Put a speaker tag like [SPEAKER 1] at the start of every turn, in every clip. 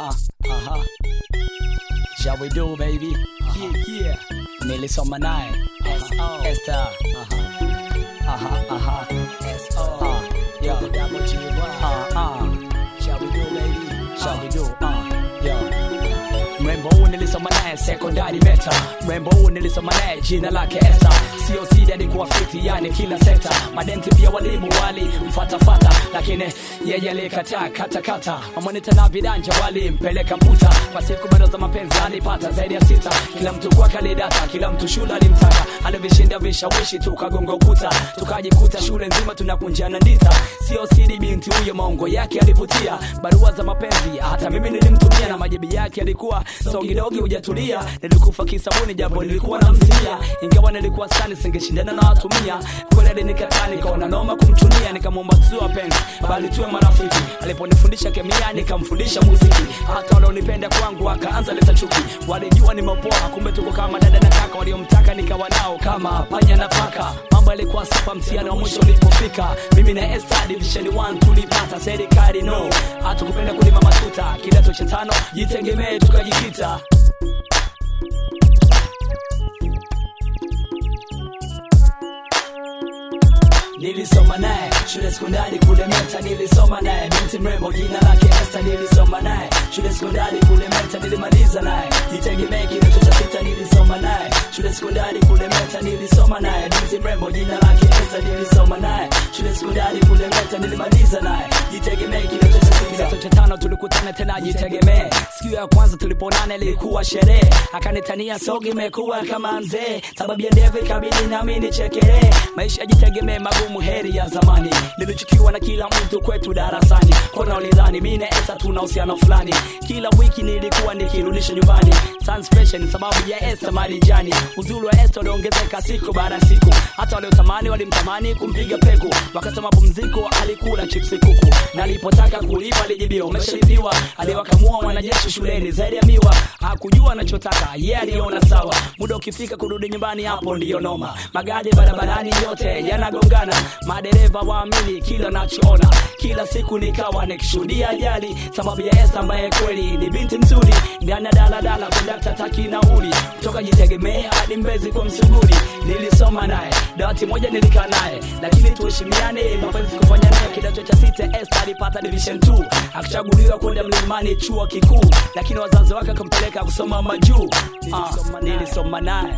[SPEAKER 1] Aha, aha. Ja we do baby. Aha. Yeah, yeah. Nilisoma naye. S.O. Esther. Aha. Aha, aha. S.O. Uh, yo. Double G. Ah, ah. Ja we do baby. Ja we do. Ah, yo. Mrembo huu nilisoma naye sekondari meta. Mrembo huu nilisoma naye jina lake Esther. Sio sida ni kuwafiti yani kila sekta. Madenti pia walimu wali mfatafata lakini yeye alikataa katakata. Wamonita na vidanja walimpeleka mputa, kwa siku bado za mapenzi alipata zaidi ya sita. Kila mtu kwa kalidata, kila mtu shule alimtaka alivishinda vishawishi, tukagonga ukuta, tukajikuta shule nzima tunakunjana ndita. Sio siri, binti huyo maongo yake alivutia, barua za mapenzi hata mimi nilimtumia, na majibu yake yalikuwa songidogi, hujatulia. Nilikufa kisabuni, japo nilikuwa na msia ingawa nilikuwa stani, singeshindana na watumia mia. Kweli alinikataa, nikaona noma kumchunia, nikamwomba tuwa penzi bali tuwe marafiki. Aliponifundisha kemia, nikamfundisha muziki, hata wanaonipenda kwangu akaanza leta chuki, walijua ni mapoa kumbe tuko kama dada na kaka, waliomtaka nikawa nao kama panya na paka mambo yalikuwa sapa msiana wa mwisho ulipofika mimi na esta divisheni 1 tulipata serikali no hatukupenda kulima matuta kidato cha tano jitegemee tukajikita nilisoma naye shule sekondari kule Meta, nilisoma naye binti mrembo jina lake Esther, nilisoma naye shule sekondari kule Meta, nilimaliza naye nitegemee kidato cha nilisoma naye shule sekondari kule Meta, nilisoma naye binti mrembo jina lake Esther, nilisoma naye shule sekondari kule Meta, nilimaliza naye nitegemee kidato cha tano tulikutana tena, jitegemee. Siku ya kwanza tuliponana ilikuwa sherehe, akanitania sogi imekuwa kama mzee, sababu ya ndevu ikabidi nami nichekelee. Maisha jitegemee magumu heri ya zamani nilichukiwa na kila mtu kwetu darasani kona ulidhani mi Esa tuna uhusiano fulani kila wiki nilikuwa nikirudisha nyumbani Sunspecial, sababu ya Esa Marijani uzuri wa Esa uliongezeka siku baada ya siku hata wale waliotamani walimtamani kumpiga peku wakati mapumziko alikula chipsi kuku na alipotaka kulipa alijibiwa umeshalipiwa aliwakamua wanajeshi shuleni zaidi ya miwa hakujua anachotaka ye yeah, aliona sawa muda ukifika kurudi nyumbani hapo ndiyo noma magari barabarani yote yanagongana madereva waamini kila nachoona kila siku nikawa nikishuhudia ajali sababu ya Esta ambaye kweli ni binti mzuri ndani ya daladala kondakta taki nauli kutoka jitegemea hadi Mbezi kwa Msuguri nilisoma naye dawati moja nilikaa naye lakini tuheshimiane mapenzi kufanya naye kidato cha sita Esta alipata division 2 akichaguliwa kwenda mlimani chuo kikuu lakini wazazi wake akampeleka kusoma majuu ah, nilisoma naye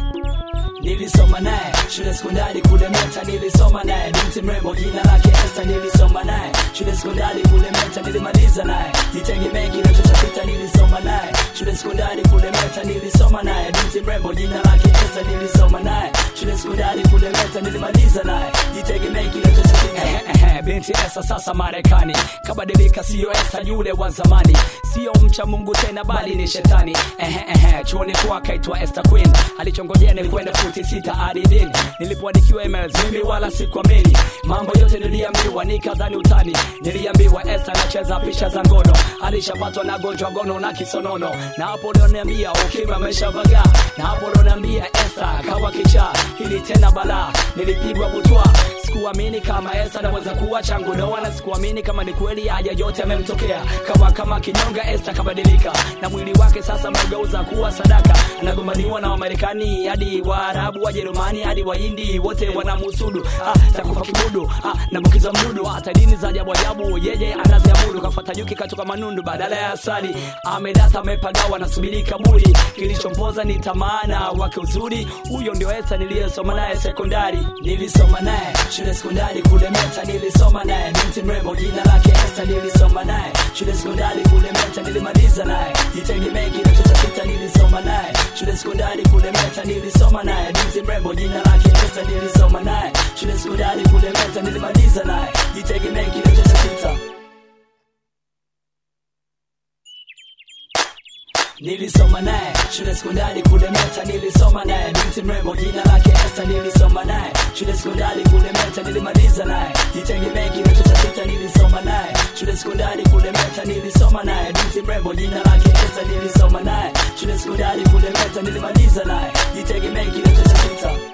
[SPEAKER 1] nilisoma naye shule sekondari kule Meta, nilisoma naye binti mrembo jina lake Esther, nilisoma naye shule sekondari kule Meta, nilimaliza naye nitegemee kinachotapita, nilisoma naye shule sekondari kule Meta, nilisoma naye binti mrembo jina lake Esther, nilisoma naye shule sekondari kule Meta, nilimaliza naye nitegemee kinachotapita Eh, binti Esa sasa Marekani kabadilika, siyo Esa yule wa zamani, siyo mcha Mungu tena bali ni shetani. Eh, eh, eh, eh chuoni kwake aitwa Esta Queen, alichongojea ni kwenda futi sita hadi dini. Nilipoandikiwa emails mimi wala sikuamini, mambo yote niliambiwa ni nikadhani utani. Niliambiwa Esta anacheza picha za ngono, alishapatwa na gonjwa gono na kisonono, na hapo ndo niambia ukimya ameshavaga, na hapo ndo niambia Esta akawa kichaa, hili tena balaa, nilipigwa butwa sikuamini kama Esa anaweza kuwa changu doa, na sikuamini kama ni kweli haja yote amemtokea. Kawa kama kinyonga, Esta kabadilika, na mwili wake sasa mgeuza kuwa sadaka. Anagombaniwa na Wamarekani hadi Waarabu, Wajerumani hadi Wahindi, wote wanamhusudu. Ah, takufa kibudu, ah, nabukiza mdudu, hata dini za ajabu ajabu yeye anaziamuru. Kafuata nyuki katoka manundu badala ya asali, amedata amepagawa, nasubiri kaburi. Kilichompoza ni tamaa na wake uzuri, huyo ndio Esta niliyesoma naye sekondari, nilisoma naye shule sekondari kule Meta nilisoma naye, binti mrembo jina lake Esther nilisoma naye, shule sekondari kule Meta nilimaliza naye, jitegemee kinachotapita nilisoma naye, shule sekondari kule Meta nilisoma naye, binti mrembo jina lake Esther nilisoma naye, shule sekondari kule Meta nilimaliza naye, jitegemee nilisoma naye shule sekondari kule Meta, nilisoma naye binti mrembo jina lake Esther, nilisoma naye shule sekondari kule Meta, nilimaliza naye jitegemee kinachotapita, nilisoma naye shule sekondari kule Meta, nilisoma naye binti mrembo jina lake Esther, nilisoma naye shule sekondari kule Meta, nilimaliza naye jitegemee kinachotapita